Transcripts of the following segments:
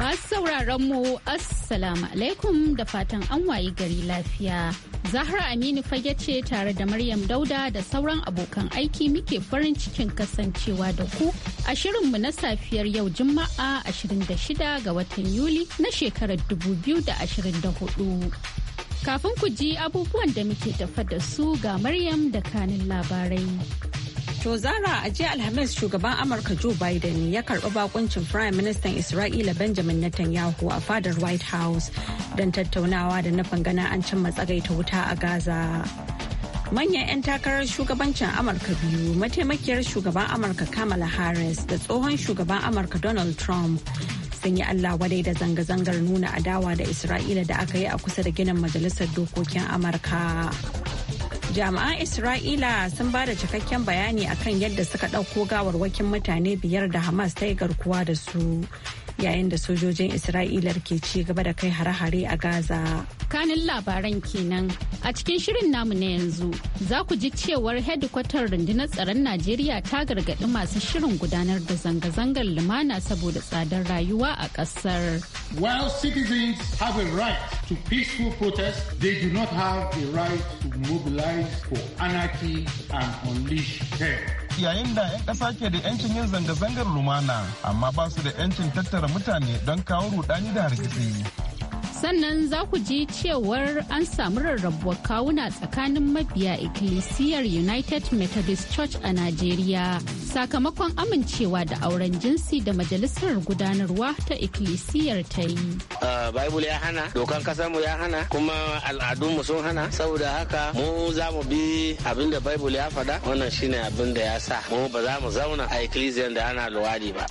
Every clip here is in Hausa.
Masu sauraron mu Assalamu alaikum da fatan an wayi gari lafiya. Zahra Aminu fage ce tare da Maryam Dauda da sauran abokan aiki muke farin cikin kasancewa da ku a shirinmu na safiyar yau Juma'a 26 ga watan Yuli na shekarar 2024. Kafin ku ji abubuwan da muke tafa da su ga Maryam da kanin labarai. To Zara a jiya Alhamis shugaban Amurka Joe Biden ya karɓi bakuncin Prime Minister Isra'ila Benjamin Netanyahu a fadar White House don tattaunawa da nufin gana an cimma tsagaita wuta a Gaza. Manyan 'yan takarar shugabancin Amurka biyu mataimakiyar shugaban Amurka Kamala Harris da tsohon shugaban Amurka Donald Trump sun yi Allah wadai da zanga-zangar nuna adawa da Isra'ila da aka yi a kusa da ginin Majalisar Dokokin Amurka. jami'an isra'ila sun ba da cikakken bayani akan yadda suka ɗauko gawarwakin mutane biyar da hamas ta yi garkuwa da su yayin da sojojin isra'ila ke ci gaba da kai hare-hare a gaza kanin labaran kenan a cikin shirin namu na yanzu za ku ji cewar hedikwatar rundunar tsaron najeriya ta gargaɗi masu shirin gudanar da zanga-zangar lumana saboda tsadar rayuwa a ƙasar while citizens have a right to peaceful protest they do not have a right to mobilize for anarchy and unleash terror yayin da 'yan ƙasa ke da 'yancin yin zanga-zangar lumana amma ba su da 'yancin tattara mutane don kawo rudani da hargitsi sannan za ku ji cewar an samu rarrabuwar kawuna tsakanin mabiya ikkilisiyar united methodist church a najeriya sakamakon amincewa da auren jinsi da majalisar gudanarwa ta ikkilisiyar ta yi bible ya hana dokan kasarmu ya hana kuma al'adunmu sun hana saboda haka mu za mu bi abin da bible ya faɗa wannan shine abin da ya sa mu ba za mu zauna a ikkilisiyar da ana luwadi ba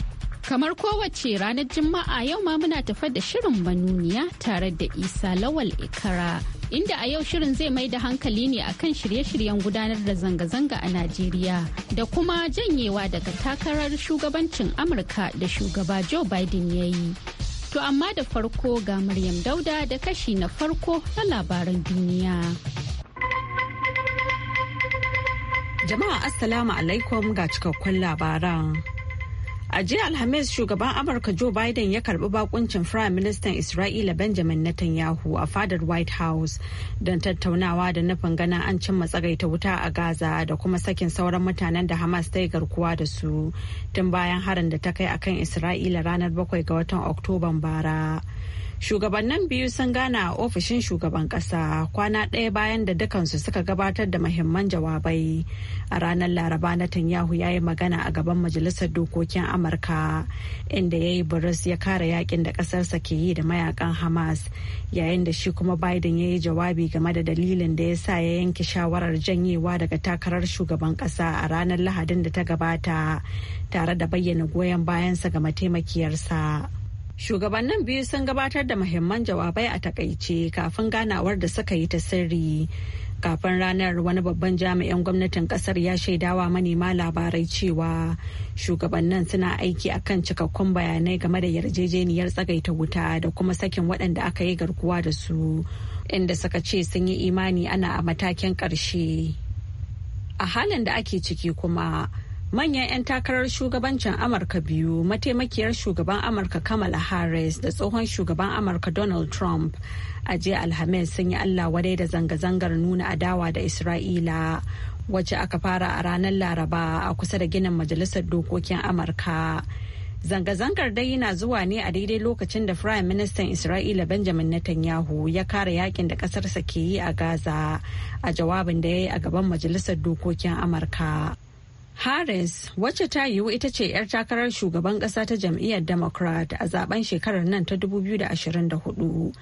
Kamar kowace ranar Juma'a yau ma muna tafa da shirin manuniya tare da Isa Lawal Ikara. Inda a yau shirin zai mai da hankali ne akan shirye-shiryen gudanar da zanga-zanga a Najeriya da kuma janyewa daga takarar shugabancin Amurka da shugaba Joe Biden ya yi. To amma da farko ga Maryam Dauda da kashi na farko na labaran duniya. Jama'a Assalamu alaikum ga cikakkun labaran. A jiya Alhamis shugaban Amurka Joe Biden ya karbi bakuncin Prime Minister Isra'ila Benjamin Netanyahu a fadar White House don tattaunawa da nufin ganin an cimma tsagaita wuta a Gaza da kuma sakin sauran mutanen da Hamas ta yi garkuwa da su tun bayan harin da ta kai akan Isra'ila ranar 7 ga watan Oktoban bara. Shugabannin biyu sun gana a ofishin shugaban kasa kwana ɗaya bayan da dukansu suka gabatar da mahimman jawabai. A ranar Laraba na Netanyahu ya yi magana a gaban Majalisar Dokokin Amurka inda ya yi buris ya kare yakin da ƙasarsa ke yi da mayakan Hamas yayin da shi kuma Biden ya yi jawabi game da dalilin da ya sa ya yanke shawarar janyewa daga takarar shugaban ƙasa a ranar Lahadin da ta gabata tare da bayyana goyon bayansa ga mataimakiyarsa. Shugabannin biyu sun gabatar da muhimman jawabai a takaice kafin ganawar da suka yi ta sirri. Kafin ranar wani babban jami'in gwamnatin kasar ya shaidawa manema labarai cewa shugabannin suna aiki a kan cikakkun bayanai game da yarjejeniyar tsagaita wuta da kuma sakin waɗanda aka yi garkuwa da su inda suka ce sun yi imani ana a matakin ƙarshe. A halin da ake ciki kuma. manyan 'yan takarar shugabancin amurka biyu mataimakiyar shugaban amurka kamala harris da tsohon shugaban amurka donald trump a jiya alhamis sun yi allah wadai da zanga-zangar nuna adawa da isra'ila wacce aka fara a ranar laraba a kusa da ginin majalisar dokokin amurka zanga-zangar dai yana zuwa ne a daidai lokacin da firayim ministan isra'ila benjamin netanyahu ya kare yakin da kasarsa ke yi a gaza a jawabin da ya yi a gaban majalisar dokokin amurka Harris wacce ta yiwu ita ce 'yar takarar shugaban ƙasa ta jam'iyyar Democrat a zaben shekarar nan ta 2024.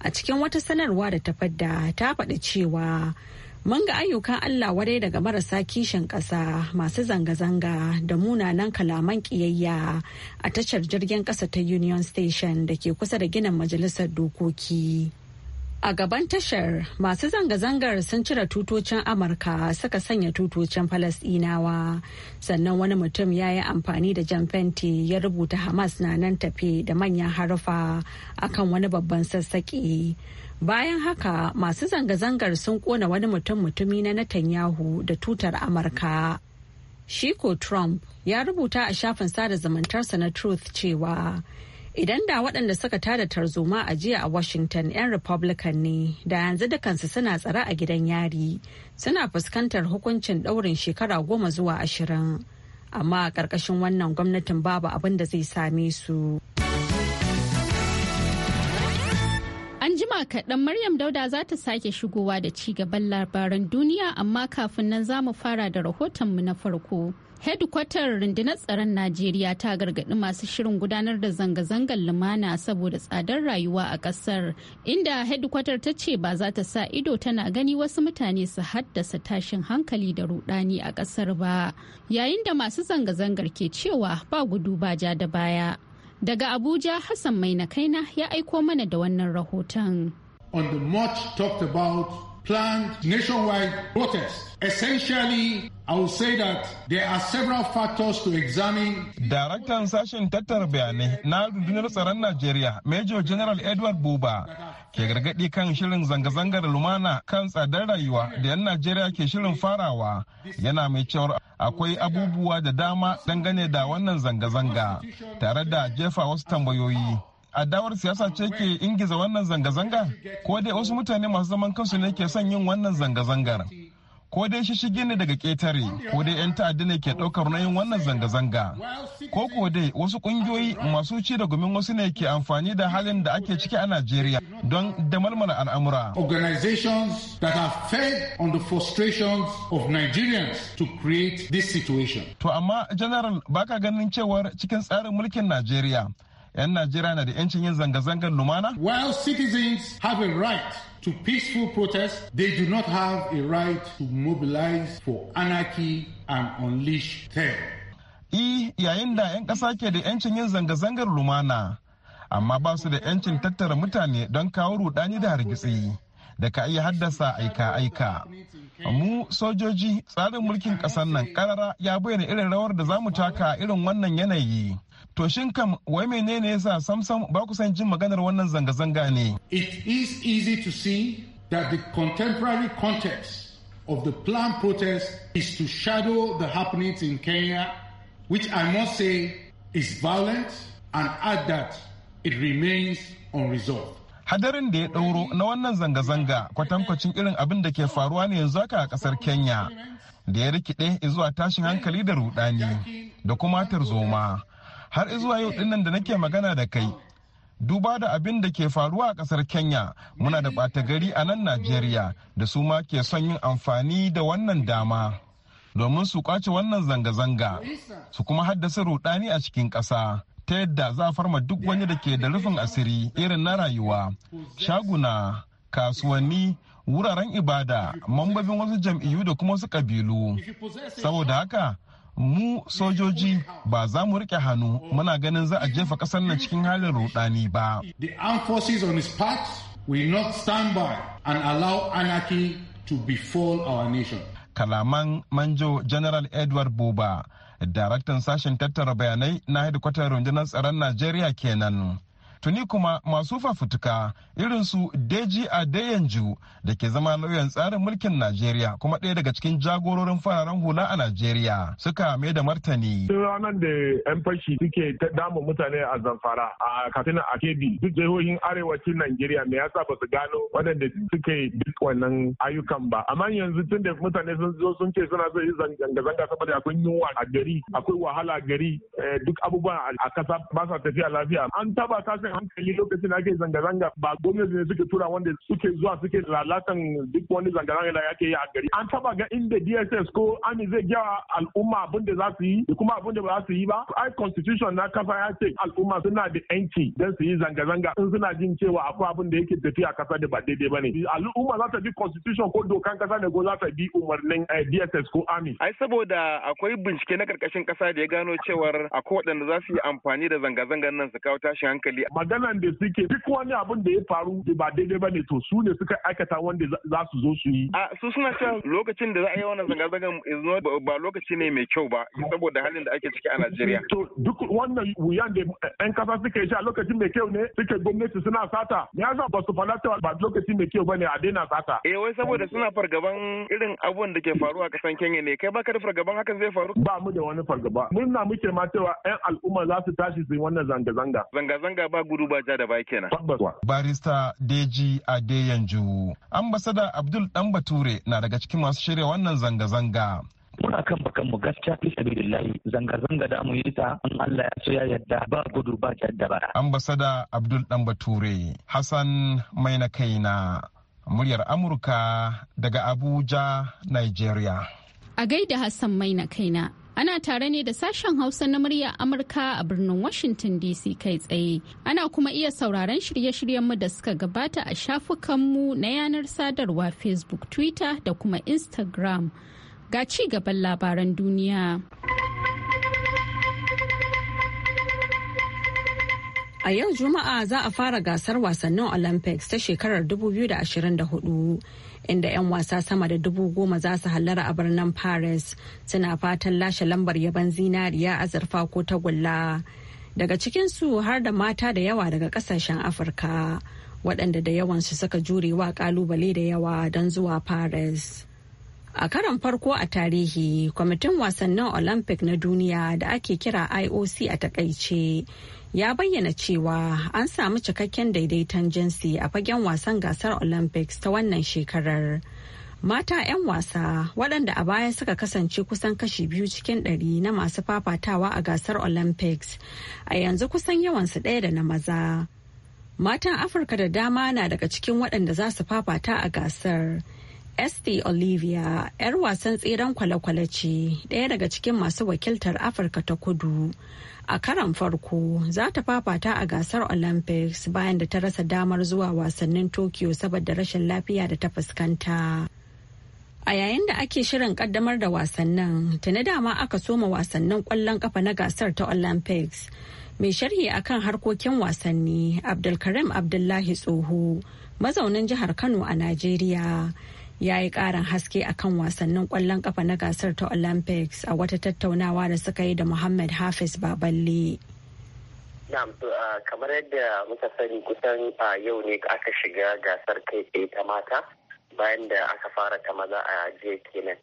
A cikin wata sanarwa da ta fadda ta faɗi cewa mun ga ayyukan Allah wadai daga marasa kishin ƙasa masu zanga-zanga da munanan kalaman ƙiyayya a tashar jirgin ƙasa ta Union Station da ke kusa da ginin majalisar dokoki. A gaban tashar masu zanga-zangar sun cire tutocin Amurka suka sanya tutocin Falasɗinawa. Sannan wani mutum ya yi amfani da jan fenti ya rubuta Hamas na nan tafe da manyan harfa akan wani babban sassaƙi. Bayan haka masu zanga-zangar sun ƙona wani mutum-mutumi na Netanyahu da tutar Amurka. Shiko Trump ya rubuta a shafin sada zumuntarsa na Truth cewa Idan da waɗanda suka tada tarzoma a jiya a Washington 'yan Republican ne, da yanzu dukansu suna tsara a gidan yari, suna fuskantar hukuncin ɗaurin shekara goma zuwa ashirin. Amma a ƙarƙashin wannan gwamnatin babu abin da zai same su. An jima kaɗan Maryam Dauda za ta sake shigowa da ci gaban labaran duniya amma kafin nan za mu fara da rahotonmu na farko. hedkwatar rundunar tsaron najeriya ta gargaɗi masu shirin gudanar da zanga-zangar lumana saboda tsadar rayuwa a ƙasar inda hedkwatar ta ce ba za ta sa ido tana gani wasu mutane su haddasa tashin hankali da rudani a ƙasar ba yayin da masu zanga-zangar ke cewa ba gudu ba ja da baya daga abuja hassan mai na kaina ya aiko mana da wannan rahoton on the much planned nationwide protest. Essentially, I will say that there are several factors to examine. Daraktan sashen tattara bayanai na rundunar tsaron Najeriya, Major General Edward Buba, ke gargaɗi kan shirin zanga-zangar lumana kan tsadar rayuwa da 'yan Najeriya ke shirin farawa. Yana mai cewar akwai abubuwa da dama dangane da wannan zanga-zanga, tare da jefa wasu tambayoyi. adawar siyasa ce ke ingiza wannan zanga-zanga ko dai wasu mutane masu zaman kansu ne ke son yin wannan zanga-zangar ko dai shishigi ne daga ketare ko dai 'yan ta'adda ne ke ɗaukar nayin wannan zanga-zanga ko ko dai wasu ƙungiyoyi masu ci da gumin wasu ne ke amfani da halin da ake ciki a najeriya don damalmala al'amura organizations that fed on the of nigerians to create this situation to amma general baka ganin cewar cikin tsarin mulkin najeriya 'yan Najeriya na da 'yancin yin zanga-zangar lumana? While citizens have a right to peaceful protest, they do not have a right to mobilize for anarchy and unleash terror. I yayin da 'yan ƙasa ke da 'yancin yin zanga-zangar lumana, amma ba su da 'yancin tattara mutane don kawo rudani da hargitsi. da ka iya haddasa aika-aika. Mu sojoji tsarin mulkin ƙasar nan ƙarara ya bayyana irin rawar da za mu taka irin wannan yanayi. To shin kam wai menene yasa samsam ba ku san jin maganar wannan zanga-zanga ne? It is easy to see that the contemporary context of the planned protest is to shadow the happenings in Kenya, which I must say is violent and add that it remains unresolved. hadarin da ya ɗauro na wannan zanga-zanga kwatankwacin irin abin da ke faruwa ne yanzu haka a ƙasar kenya da ya rikide zuwa tashin hankali da rudani da kuma tarzoma har izuwa yau dinnan da nake magana da kai duba da abin da ke faruwa a kasar kenya muna da bata gari a nan najeriya da su ma ke son yin amfani da wannan dama domin su kwace wannan zanga-zanga su kuma haddasa rudani a cikin ƙasa ta yadda za a farma duk wani da ke da rufin asiri irin na rayuwa shaguna kasuwanni wuraren ibada mambobin wasu jam'iyyu da kuma wasu ƙabilu saboda haka mu sojoji ba za mu rike hannu muna ganin za a jefa kasar nan cikin halin rudani ba. The armed forces on his part will not stand by and allow anarchy to befall our nation. Kalaman Manjo General Edward Buba, daraktan sashen tattara bayanai na hedikwatar rundunar tsaron Najeriya kenan. tuni kuma masu fafutuka irin su deji adeyanju da ke zama lauyan tsarin mulkin najeriya kuma ɗaya daga cikin jagororin fararen hula a najeriya suka mai da martani tun ranar da yan fashi suke damun mutane a zamfara a katina a kebi duk jihohin arewacin najeriya me yasa ba su gano waɗanda suke duk wannan ayyukan ba amma yanzu tun da mutane sun zo sun ce suna so yi zanga-zanga saboda akwai yunwa a gari akwai wahala gari eh, duk abubuwa a kasa ba sa tafiya lafiya an taba ta tashin hankali lokacin da ake zanga-zanga ba gwamnati ne suke tura wanda suke zuwa suke lalatan duk wani zanga-zanga da yake yi a gari an taba ga inda dss ko ami zai gyawa al'umma abin da za su yi da kuma abin da ba za su yi ba ai constitution na kasa ya ce al'umma suna da yanci don su yi zanga-zanga in suna jin cewa akwai abin da yake tafiya kasa da ba daidai ba ne al'umma za ta bi constitution ko dokan kasa ne ko za ta bi umarnin eh, dss ko ami ai saboda akwai bincike na karkashin kasa da ya gano cewar akwai waɗanda za su yi amfani da zanga-zangan nan su kawo tashin hankali maganan da suke duk wani abin da ya faru da ba daidai ba ne to su ne suka aikata wanda za su zo su yi. A su suna cewa lokacin da za a yi wannan zanga-zangan ba lokaci ne mai kyau ba saboda halin da ake ciki a Najeriya. To duk wannan wuyan da 'yan kasa suke sha lokaci mai kyau ne suke gwamnati suna sata. Me yasa ba su fada cewa ba lokaci mai kyau ba ne a daina sata. Eh wai saboda suna fargaban irin abubuwan da ke faruwa a kasan Kenya ne kai baka da fargaban hakan zai faru. Ba mu da wani fargaba. Mun na muke ma cewa 'yan al'umma za su tashi su yi wannan zanga-zanga. Zanga-zanga ba gudu ba ja da baya kenan. Barista Deji Adeyanju. Ambasada Abdul Dan Bature na daga cikin masu shirya wannan zanga-zanga. muna kan bakan mu gaskiya fi sabilillahi zanga zanga da mu yi ta an Allah ya so ya yadda ba gudu ba yadda ba ambasada Abdul Dan Bature Hassan Maina Kaina muryar Amurka daga Abuja Nigeria a gaida Hassan na Kaina Ana tare ne da sashen Hausa na murya Amurka a birnin Washington DC kai tsaye. Ana kuma iya sauraron shirye-shiryenmu da suka gabata a shafukanmu na yanar sadarwa Facebook, Twitter da kuma Instagram. Ga ci gaban labaran duniya. A yau Juma'a za a fara gasar wasannin Olympics ta shekarar 2024 inda 'yan wasa sama da dubu goma za su hallara a birnin Paris suna fatan lashe lambar yaban zinariya azurfa ko tagulla. Daga cikinsu har da mata da yawa daga kasashen Afirka waɗanda da yawansu suka jure wa ƙalubale da yawa don zuwa Paris. A karon farko a tarihi, kwamitin wasannin Olympic na duniya da ake kira IOC a takaice ya bayyana cewa an samu cikakken daidaiton jinsi a fagen wasan gasar Olympics ta wannan shekarar. Mata 'yan wasa waɗanda a baya suka kasance kusan kashi biyu cikin ɗari na masu fafatawa a gasar Olympics a yanzu kusan yawansu ɗaya da na maza. Matan Afirka da dama na daga cikin waɗanda za su fafata a gasar. Esti Olivia 'yar wasan tseren kwale-kwale ce ɗaya daga cikin masu wakiltar Afirka ta kudu. A karan farko za ta fafata a gasar Olympics bayan da ta rasa damar zuwa wasannin Tokyo saboda rashin lafiya da ta fuskanta. A yayin da ake shirin kaddamar da wasannin, tuni dama aka soma wasannin kwallon kafa na gasar ta Olympics. Mai sharhi a kan harkokin wasanni Abdulkarim Abdullahi Tsoho, mazaunin jihar Kano a Najeriya. ya yi karin haske a kan wasannin kwallon kafa na gasar ta olympics a wata tattaunawa da suka yi da muhammad hafiz baballe uh, kamar yadda muka sani kusan uh, yau ne aka shiga gasar kai tsaye ta mata bayan da aka fara ta maza a jiya kenan.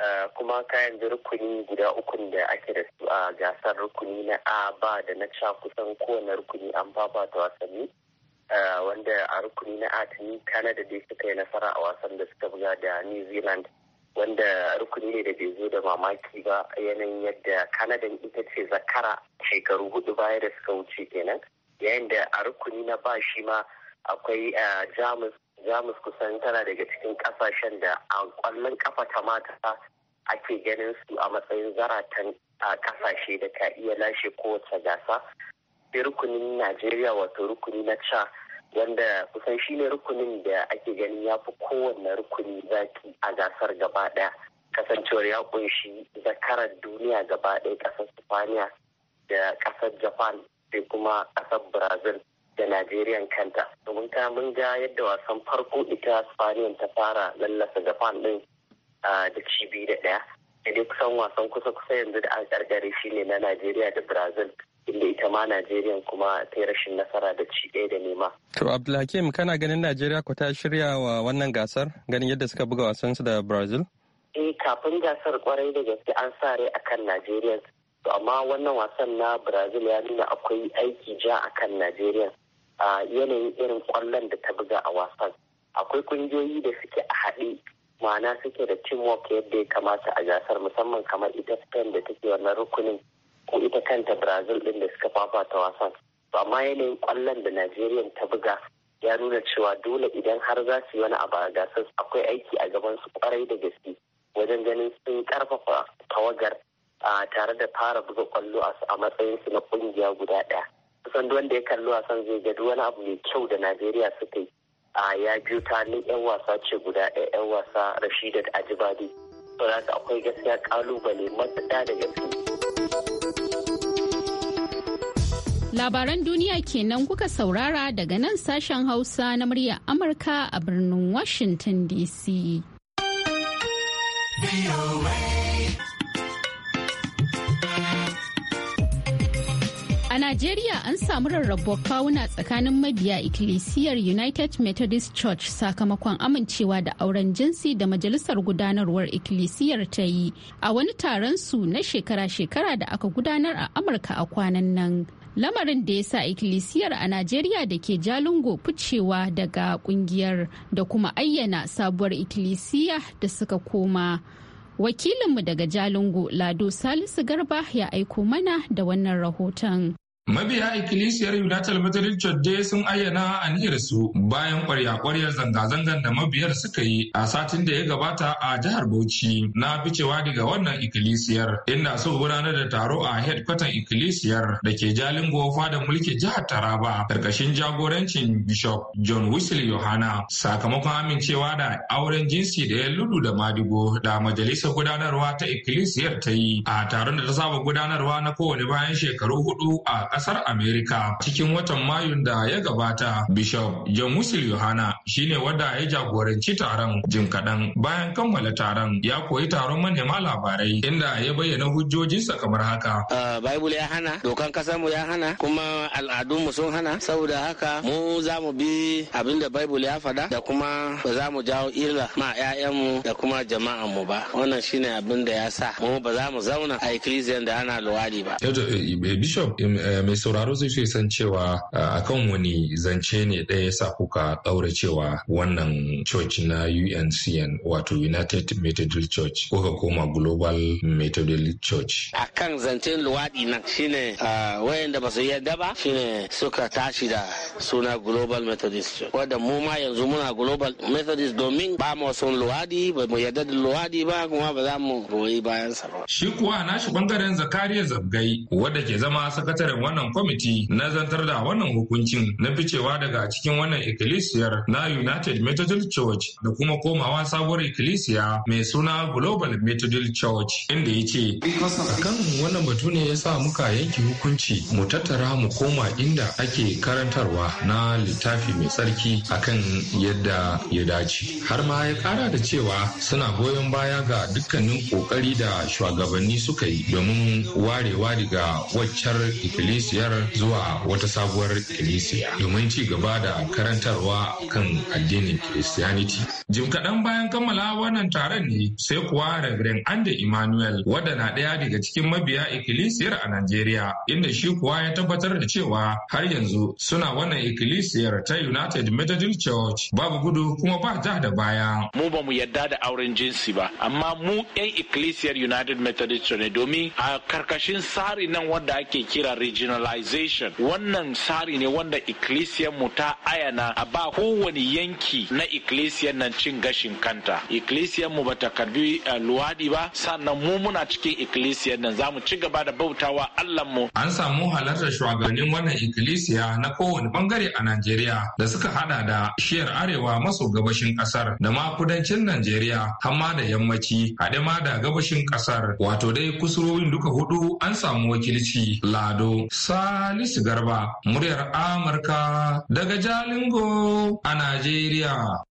Uh, kuma kayan rukuni guda ukun da ake da su a gasar rukuni na A ba da na sha kusan kowane rukuni an fafata wasanni Eh, wanda a rukuni na atini canada dai suka yi nasara a wasan da suka buga da new zealand wanda rukuni ne da bai zo da mamaki ba yanayin yadda canada ita ce zakara shekaru hudu baya da suka wuce kenan yayin da a rukuni na ba shi ma akwai eh, jamus jamus kusan tana daga cikin kasashen da a kwallon kafa ta mata ake ganin su a matsayin zaratan a kasashe da ka iya lashe kowace gasa sai rukunin najeriya wato rukuni na ca wanda kusan shi ne rukunin da ake ganin ya fi kowanne rukuni zaki a gasar gaba ɗaya kasancewar ya kunshi zakarar duniya gaba daya kasar spaniya da kasar japan sai kuma ƙasar brazil da najeriya kanta domin ta mun ga yadda wasan farko ita spaniya ta fara lallasa japan ɗin da cibi da ɗaya da dai kusan wasan kusa-kusa yanzu da an ƙarƙare shi ne na najeriya da brazil inda ita ma Najeriya kuma ta yi rashin nasara da ci ɗaya da nema. To Abdulhakim kana ganin Najeriya ku ta shirya wa wannan gasar ganin yadda suka buga wasansu da Brazil? Eh kafin gasar kwarai da gaske an sa rai akan Najeriya. To amma wannan wasan na Brazil ya nuna akwai aiki ja akan Najeriya. A yanayin irin kwallon da ta buga a wasan. Akwai kungiyoyi da suke a haɗe ma'ana suke da teamwork yadda ya kamata a gasar musamman kamar ita Spain da take wannan rukunin ko ita kanta brazil din da suka fafata wasan amma yanayin kwallon da najeriya ta buga ya nuna cewa dole idan har za su yi wani abu a gasar akwai aiki a gaban su kwarai da gaske wajen ganin sun karfafa tawagar A tare da fara buga kwallo a matsayin su na kungiya guda ɗaya kusan duk wanda ya kalli wasan zai ga duk wani abu mai kyau da najeriya suka yi a ya biyu ta ni yan wasa ce guda ɗaya yan wasa rashidat ajibadi saboda akwai gaskiya kalubale matuɗa da gaske Labaran duniya kenan kuka saurara daga nan sashen Hausa na murya Amurka a birnin Washington DC. A Najeriya an samu rarrabuwar kawuna tsakanin mabiya ikkilisiyar United Methodist Church sakamakon amincewa da auren jinsi da majalisar gudanarwar ikkilisiyar ta yi a wani taron su na shekara-shekara da aka gudanar a Amurka a kwanan nan. lamarin da ya sa ikkilisiyar a najeriya da ke jalingo ficewa daga kungiyar da kuma ayyana sabuwar ikkilisiya da suka koma wakilinmu daga jalingo lado salisu garba ya aiko mana da wannan rahoton Mabiya ikkilisiyar United Methodist Church dai sun ayyana aniyarsu bayan ƙwarya kwaryar zanga-zangar da mabiyar suka yi a satin da ya gabata a jihar Bauchi na ficewa daga wannan ikkilisiyar inda suka gudanar da taro a headquarter ikkilisiyar da ke jalin gofa da mulki jihar Taraba karkashin jagorancin Bishop John Wesley Yohana sakamakon amincewa da auren jinsi da ya ludu da madigo da majalisar gudanarwa ta ikkilisiyar ta yi a taron da ta saba gudanarwa na kowane bayan shekaru hudu a kasar Amerika cikin watan Mayun da ya gabata. Bishop John Musil Yohana shine wanda ya jagoranci taron jin kaɗan bayan kammala taron ya koyi taron manema labarai inda ya bayyana hujjojinsa kamar haka. Bible ya hana, dokan mu ya hana, kuma al'adunmu sun hana, saboda haka mu za mu bi abin da Bible ya faɗa da kuma ba za mu jawo illa ma mu, da kuma jama'an mu ba. Wannan shine abin da ya sa mu ba za mu zauna a ecclesia da ana luwadi ba. Eh, eh, Bishop eh, Eh, mai sauraro zai so san cewa a eh, akan wani zance ne ɗaya sa kuka ɗaura cewa wannan church na UNCN wato United Methodist Church kuka koma Global Methodist Church. A kan zancen luwaɗi nan shine eh, da ba su yarda ba shine suka tashi da suna Global Methodist Church. Wadda mu ma yanzu muna Global Methodist domin ba mu son luwaɗi ba mu yarda da luwaɗi ba kuma ba za mu goyi bayan sa ba. Shi kuwa nashi bangaren Zakariya Zabgai wadda ke zama sakataren wannan kwamiti na zantar da wannan hukuncin na ficewa daga cikin wannan ikkilisiyar na United Methodist Church da kuma komawa sabuwar ikkilisiya mai suna Global Methodist Church inda ya ce. Kan wannan batu ne ya sa muka yanke hukunci mu tattara mu koma inda ake karantarwa na littafi mai tsarki a kan yadda ya dace. Har ma ya kara da cewa suna goyon baya ga dukkanin kokari da shugabanni suka yi domin warewa daga waccar ikkilisiyar ikilisiyar zuwa wata sabuwar kilisiya domin ci gaba da karantarwa kan addinin Christianity. Jim kaɗan bayan kammala wannan taron ne sai kuwa rabirin Ande Emmanuel wadda na ɗaya daga cikin mabiya ikilisiyar a Najeriya inda shi kuwa ya tabbatar da cewa har yanzu suna wannan ikilisiyar ta United Methodist Church babu gudu kuma ba ja da baya. Mu ba mu yadda da auren jinsi ba amma mu 'yan ikilisiyar United Methodist ne domin a karkashin tsari nan wanda ake kira regional regionalization wannan tsari ne wanda ikkilisiyar mu ta ayana a ba kowane yanki na ikkilisiyar nan cin gashin kanta ikkilisiyar mu bata karbi eh, luwadi ba sannan mu muna cikin ikkilisiyar nan zamu ci gaba da bautawa Allah mu an samu halartar shugabannin wannan ikkilisiya na kowane bangare a Najeriya da suka hada da shiyar arewa maso gabashin kasar da ma kudancin Najeriya hamma da yammaci hade ma da gabashin kasar wato dai kusurorin duka hudu an samu wakilci lado Salisu Garba, muryar Amurka daga Jalingo a Najeriya.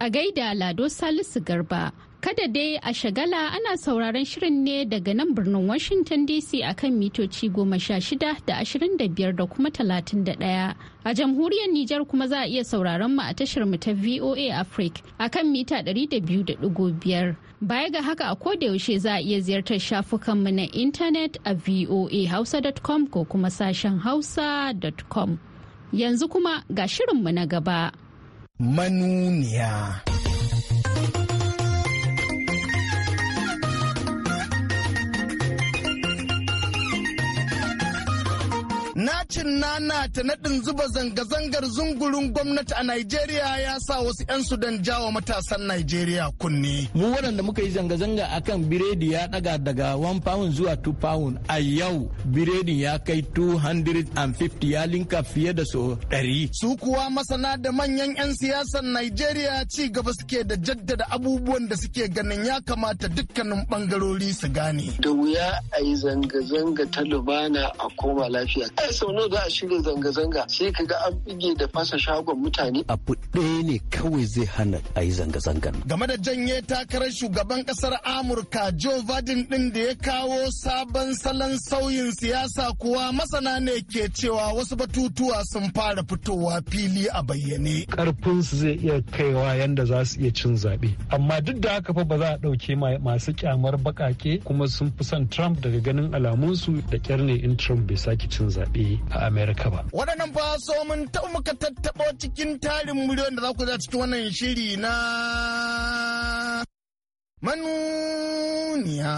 A gaida Lado Salisu Garba. Kada dai a shagala ana sauraron shirin ne daga nan birnin Washington DC akan mitoci goma sha shida da ashirin da biyar da kuma talatin da ɗaya. A jamhuriyar Nijar kuma za a iya sauraron mu a tashar mu ta VOA Africa akan mita ɗari da biyu da ɗigo biyar. Baya ga haka a koda yaushe za a iya ziyartar shafukan mu na intanet a voa voahausa.com ko kuma sashen hausa.com. Yanzu kuma ga shirin mu na gaba. Manuniya. Nacin nana ta naɗin zuba zanga-zangar zungurin gwamnati a Najeriya ya sa wasu 'yan Sudan jawo matasan Najeriya kunne. Mu waɗanda muka yi zanga-zanga akan biredi ya ɗaga daga 1 pound zuwa 2 pound a yau biredi ya kai 250 ya linka fiye da so 100. Su kuwa masana da manyan 'yan siyasar Najeriya ci gaba suke da jaddada abubuwan da suke ganin ya kamata dukkanin bangarori su gane. Da wuya a yi zanga-zanga ta lubana a koma lafiya. kai sau nawa za a shirya zanga-zanga sai ka ga an bige da fasa shagon mutane. Abu ɗaya ne kawai zai hana a yi zanga-zangan. Game da janye takarar shugaban ƙasar Amurka Joe Biden ɗin da ya kawo sabon salon sauyin siyasa kuwa masana ne ke cewa wasu batutuwa sun fara fitowa fili a bayyane. Karfinsu zai iya kaiwa yanda za su iya cin zaɓe. Amma duk da haka fa ba za a ɗauke masu kyamar baƙaƙe kuma sun fi son Trump daga ganin alamunsu da kyar ne in Trump bai sake cin zaɓe. zaɓe a amerika ba waɗannan fa so mun muka tattaɓo cikin tarin miliyon da za ku za cikin wannan shiri na manuniya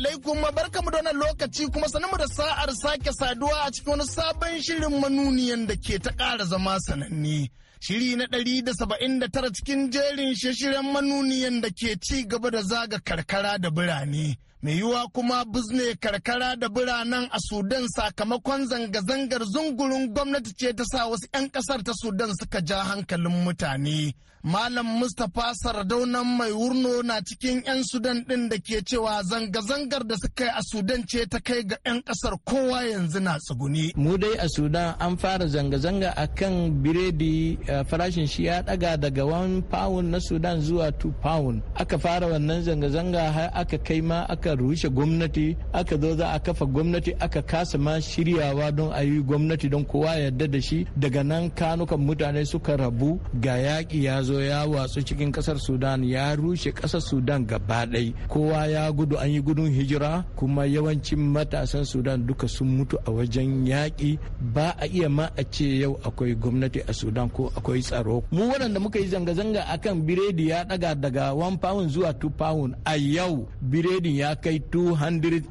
alaikum barka da wannan lokaci kuma mu da sa'ar sake saduwa a cikin wani sabon shirin manuniyan da ke ta ƙara zama sananne. shiri na ɗari da saba'in da tara cikin jerin shirin manuniyan da ke ci gaba da zaga karkara da birane. mai yiwuwa kuma buzne karkara da biranen a sudan sakamakon zanga-zangar zungurin gwamnati ce ta sa wasu 'yan kasar ta sudan suka ja hankalin mutane Malam Mustapha Sardaunan mai wurno na cikin 'yan Sudan ɗin da ke cewa zanga-zangar da suka yi a Sudan ce ta kai ga 'yan ƙasar kowa yanzu na tsuguni. Mu dai a Sudan an fara zanga-zanga a kan biredi eh, farashin shi ya ɗaga daga 1 pound na Sudan zuwa 2 pound. Aka fara wannan zanga-zanga har aka kai ma aka rushe gwamnati, aka zo za a kafa gwamnati aka kasa ma shiryawa don a yi gwamnati don kowa yarda da shi. Daga nan kanukan mutane suka rabu ga yaƙi ya zo. zo ya watsu cikin kasar sudan ya rushe kasar sudan gaba ɗai kowa ya gudu an yi gudun hijira kuma yawancin matasan sudan duka sun mutu a wajen yaƙi ba a iya ma a ce yau akwai gwamnati a sudan ko akwai tsaro mu waɗanda muka yi zanga-zanga akan biredi ya ɗaga daga 1 pound zuwa 2 pound a yau biredin ya kai 250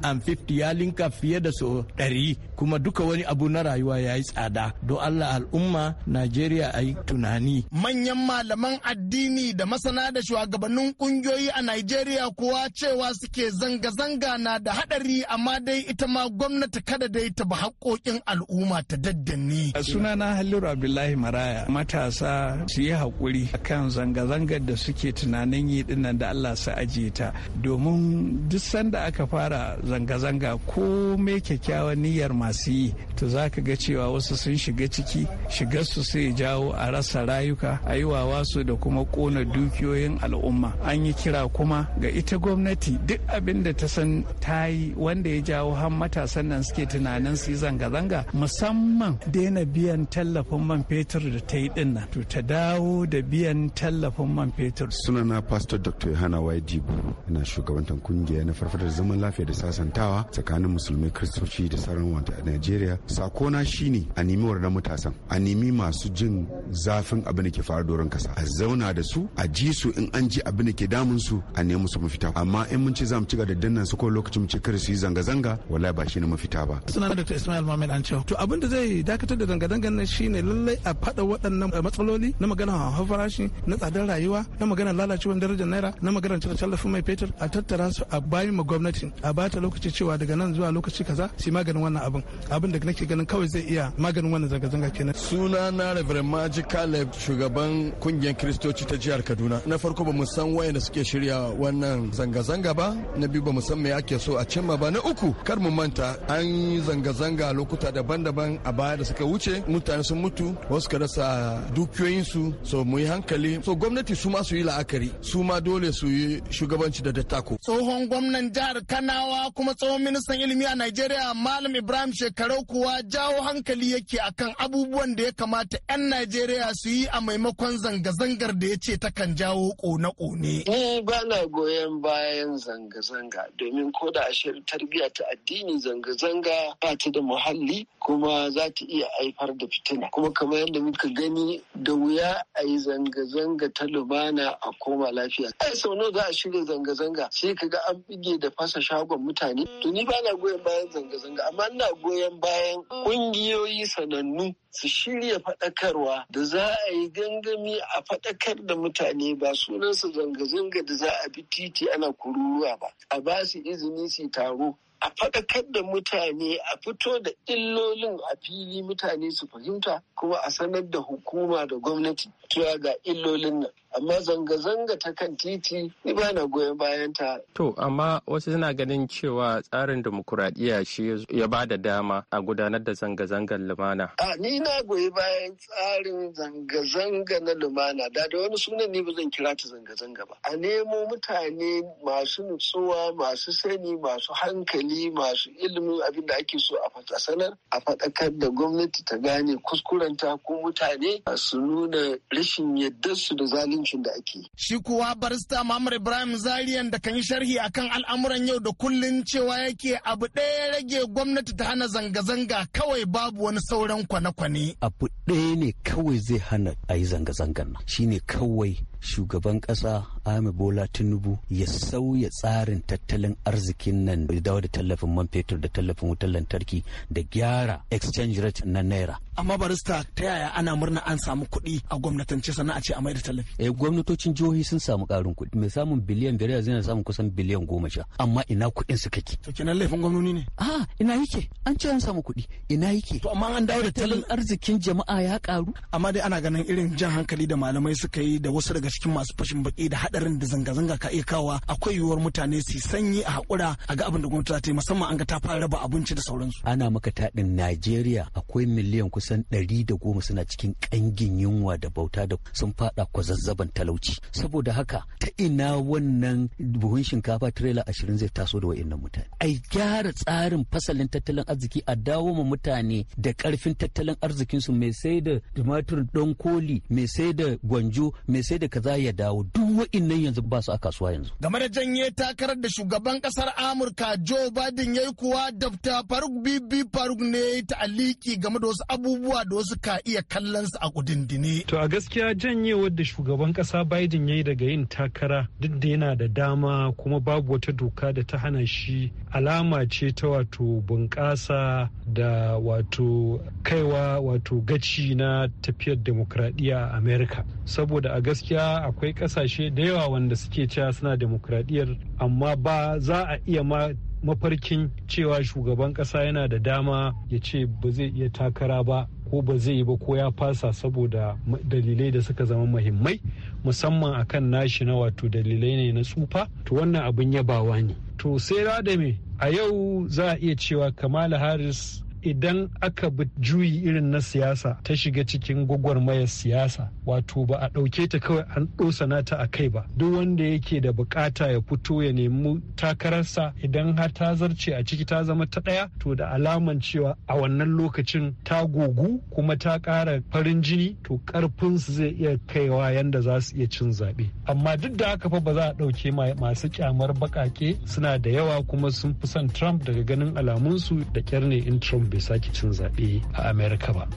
ya linka fiye da so 100 kuma duka wani abu na rayuwa ya yi tsada don allah al'umma najeriya a yi tunani manyan malaman malaman addini da masana da shugabannin kungiyoyi a Najeriya kuwa cewa suke zanga-zanga na da hadari amma dai ita ma gwamnati kada dai ta ba haƙoƙin al'umma ta daddanni. Sunana Halliru Abdullahi Maraya matasa su yi haƙuri akan zanga-zangar da suke tunanin yi dinnan da Allah su ajiye ta domin duk sanda aka fara zanga-zanga ko me kyakkyawan niyyar masu yi to za ka ga cewa wasu sun shiga ciki shigar su sai jawo a rasa rayuka a yi wasu su da kuma kona dukiyoyin al'umma an yi kira kuma ga ita gwamnati duk abin da ta san ta yi wanda ya jawo har matasan nan suke tunanin su yi zanga-zanga musamman daina biyan tallafin man fetur da ta yi din nan to ta dawo da biyan tallafin man fetur sunana pastor dr yohana waidibu ina shugabantar kungiya na farfadar zaman lafiya da sasantawa tsakanin musulmai kristoci da sauran wata a najeriya sakona shine a nemi wardan matasan a nemi masu jin zafin abin da ke faru doron kasa a zauna da su a ji su in an ji abin da ke damun su a nemi su mafita amma in mun ci za mu ci da dannan su ko lokacin mu ci kar su yi zanga-zanga wallahi ba shi ne mafita ba sunana dr ismail mohammed an to abin da zai dakatar da zanga-zangan nan shine lallai a fada waɗannan eh, matsaloli na magana hawan farashi na tsadar rayuwa na magana lalacewar darajar naira na magana cire tallafin mai fetur a tattara su a bayan ma gwamnati a bata lokaci cewa daga nan zuwa lokaci kaza su maganin wannan abin abin da nake ganin kawai zai iya maganin wannan zanga-zanga kenan sunana reverend maji caleb shugaban kungiyar kiristoci ta jihar kaduna na farko ba mu san wayanda suke shirya wannan zanga-zanga ba na biyu ba mu san me ake so a cimma ba na uku kar mu manta an yi zanga-zanga lokuta daban-daban a baya da suka wuce mutane sun mutu wasu ka rasa dukiyoyinsu so mu yi hankali so gwamnati su ma su yi la'akari su ma dole su yi shugabanci da dattako. tsohon gwamnan jihar kanawa kuma tsohon ministan ilimi a najeriya malam ibrahim shekarau kuwa jawo hankali yake akan abubuwan da ya kamata 'yan najeriya su yi a maimakon zanga-zanga zanga-zangar da ya ce takan jawo kone-kone. Ni ba na goyon bayan zanga-zanga domin ko da ashirin tarbiyya ta addini zanga-zanga ba ta da muhalli kuma za ta iya haifar da fitina. Kuma kamar yadda muka gani da wuya a yi zanga-zanga ta lumana a koma lafiya. Ai sau nawa za a shirya zanga-zanga sai ka ga an bige da fasa shagon mutane. To ni ba na goyon bayan zanga-zanga amma ina goyon bayan ƙungiyoyi sanannu su shirya faɗakarwa da za a yi gangami a faɗakar da mutane ba sunan su zanga-zanga da za a bi titi ana kururuwa ba a ba su izini su taro a faɗakar da mutane a fito da illolin a fili mutane su fahimta kuma a sanar da hukuma da gwamnati cewa ga illolin nan amma zanga-zanga ta kan titi ni ba na goyon bayan ta. To amma wasu suna ganin cewa tsarin demokuraɗiyya shi ya ba da dama a gudanar da zanga-zangar lumana. A ni na goyi bayan tsarin zanga-zanga na lumana da da wani suna ne ba zan kira ta zanga-zanga ba. A nemo mutane masu nutsuwa masu sani masu hankali masu ilimin abin da ake so a sanar a faɗakar da gwamnati ta gane ta ko mutane su nuna rashin yadda su da zalunci hukuncin da ake. Shi kuwa barista Mamar Ibrahim Zariyan da kan yi sharhi akan al'amuran yau da kullun cewa yake abu ɗaya rage gwamnati ta hana zanga-zanga kawai babu wani sauran kwane-kwane. Abu ɗaya ne kawai zai hana a yi zanga-zangan nan ne kawai shugaban ƙasa ahmed bola tinubu ya sauya tsarin tattalin arzikin nan da dawo da tallafin man fetur da tallafin wutar lantarki da gyara exchange rate na naira amma barista ta yaya ana murna an samu kuɗi a gwamnatance sannan a ce a mai da tallafi eh gwamnatocin jihohi sun samu ƙarin kuɗi mai samun biliyan biyar yanzu yana samun kusan biliyan goma sha amma ina kuɗin su kake to kenan laifin gwamnoni ne a ina yake an ce an samu kuɗi ina yake to amma an dawo da tattalin arzikin jama'a ya karu amma dai ana ganin irin jan hankali da malamai suka yi da wasu daga daga cikin masu fashin baki da hadarin da zanga-zanga ka iya kawa akwai yiwuwar mutane su sanyi a hakura a ga abin da gwamnati za ta yi musamman an ga ta fara raba abinci da sauransu ana maka taɗin najeriya akwai miliyan kusan ɗari da goma suna cikin ƙangin yunwa da bauta da sun faɗa kwazazzaban talauci saboda haka ta ina wannan buhun shinkafa tirela ashirin zai taso da wa'innan mutane ai gyara tsarin fasalin tattalin arziki a dawo ma mutane da ƙarfin tattalin arzikinsu mai sai da tumatur don koli mai sai da gwanjo mai sai da kaza ya dawo duk wa'innan yanzu ba su a kasuwa yanzu game da janye takarar da shugaban kasar amurka joe biden ya yi kuwa dafta faruk bibi faruk ne ta aliki game da wasu abubuwa da wasu ka iya kallon su a kudindini. to a gaskiya janyewar da shugaban kasa biden ya yi daga yin takara duk da yana da dama kuma babu wata doka da ta hana shi alama ce ta wato bunƙasa da wato kaiwa wato gaci na tafiyar demokradiyya a amerika saboda a gaskiya akwai kasashe da yawa wanda suke cewa suna demokradiyyar amma ba za a iya ma mafarkin cewa shugaban kasa yana da dama ya ce ba zai iya takara ba ko ba zai yi ba ko ya fasa saboda dalilai da suka zama mahimmai musamman akan nashi na wato dalilai ne na tsufa to wannan abin yabawa ne to sai rada a yau za a iya cewa kamala harris idan aka bi juyi irin na siyasa ta shiga cikin gwagwarmayar siyasa wato ba a ɗauke ta kawai an ɗosana ta a kai ba duk wanda yake da bukata ya fito ya nemi takararsa idan har ta zarce a ciki ta zama ta ɗaya to da alaman cewa a wannan lokacin ta gugu kuma ta ƙara farin jini to ƙarfinsu zai iya kaiwa yanda za su iya cin zaɓe amma duk da haka fa ba za a ɗauke masu kyamar baƙaƙe suna da yawa kuma sun fi son trump daga ganin alamunsu da kyar ne in trump bai sake cin zaɓe a amerika ba.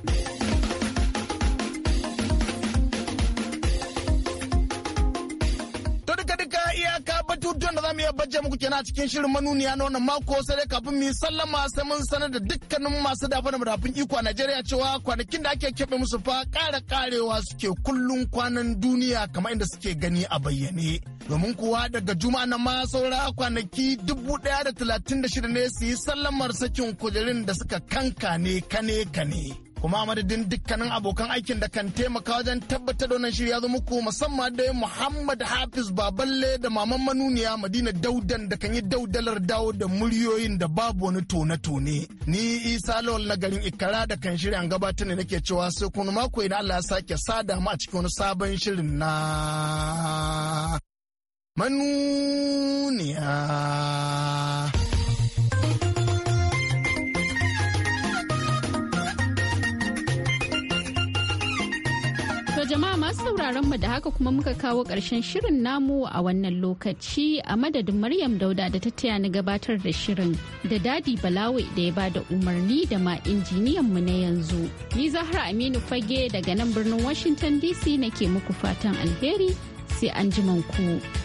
muku kenan a cikin shirin manuniya na wannan mako sai dai kafin mu yi sallama sai mun sanar da dukkanin masu dafa da madafin iko a Najeriya cewa kwanakin da ake keɓe musu fa ƙara ƙarewa suke kullun kwanan duniya kamar inda suke gani a bayyane. Domin kuwa daga juma'a na ma saura kwanaki dubu ɗaya da talatin da shida ne su yi sallamar sakin kujerin da suka kankane kane kane. kuma a madadin dukkanin abokan aikin da kan taimaka wajen tabbatar da wannan shiri ya zo muku musamman dai Muhammad Hafiz Baballe da Maman Manuniya Madina Daudan da kan yi daudalar dawo da muryoyin da babu wani tone-tone. Ni Isa Lawal na garin Ikara da kan shirya gabatar ne nake cewa sai ma mako idan Allah ya sake sada mu a cikin wani sabon shirin na manuniya. jama'a masu sauraron mu da haka kuma muka kawo ƙarshen shirin namu a wannan lokaci a madadin Maryam Dauda da ta taya ni gabatar da shirin da Dadi Balawe da ya ba da umarni da ma injiniyan mu na yanzu. Ni Zahra Aminu Fage daga nan birnin Washington DC nake muku fatan alheri sai an ku.